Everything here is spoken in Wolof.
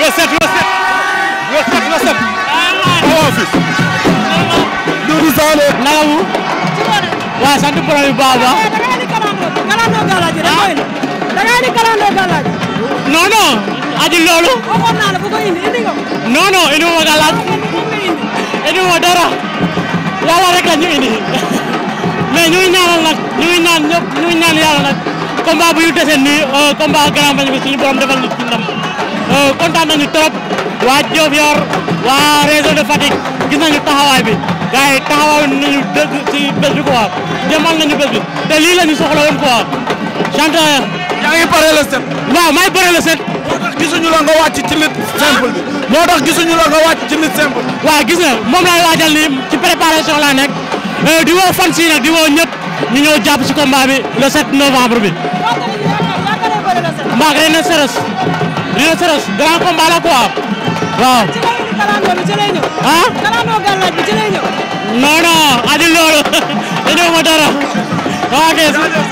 loo set loo set loo set loo set. waaw fii. Doudou Sané. naka mu. waaw sant borom bi bu baax a baax. kalandoo gàllaji rek mooy la. da ngaa di kalandoo gàllaji. non non. loolu. waxoon naa la bu ko indi indi nga combat bu ñu dese nii euh, combat grand bañ bi suñu borom defal ñu ci ndam euh, nañu trop waa Diofior waa région de Fatick gis nañu taxawaay bi gars yi taxawaay nañu dëgg ci bés bi quoi jëmal nañu bés bi te lii la ñu soxla woon quoi chanteur. yaa ngi pare le set. waaw may pare set. moo tax la nga wàcc ci lutte simple bi. moo tax gisuñu la nga wàcc ci lutte simple. Ah. waaw gis nga moom laay waajal nii ci préparation laa nekk euh, di woo fan si di woo ñëpp. ñu ñëw jàpp ci combat bi le 7 novembre bi. mbaa René Seres René Seres grand combat la quoi waaw. ah. non non adi loolu dañoo ma dara ok.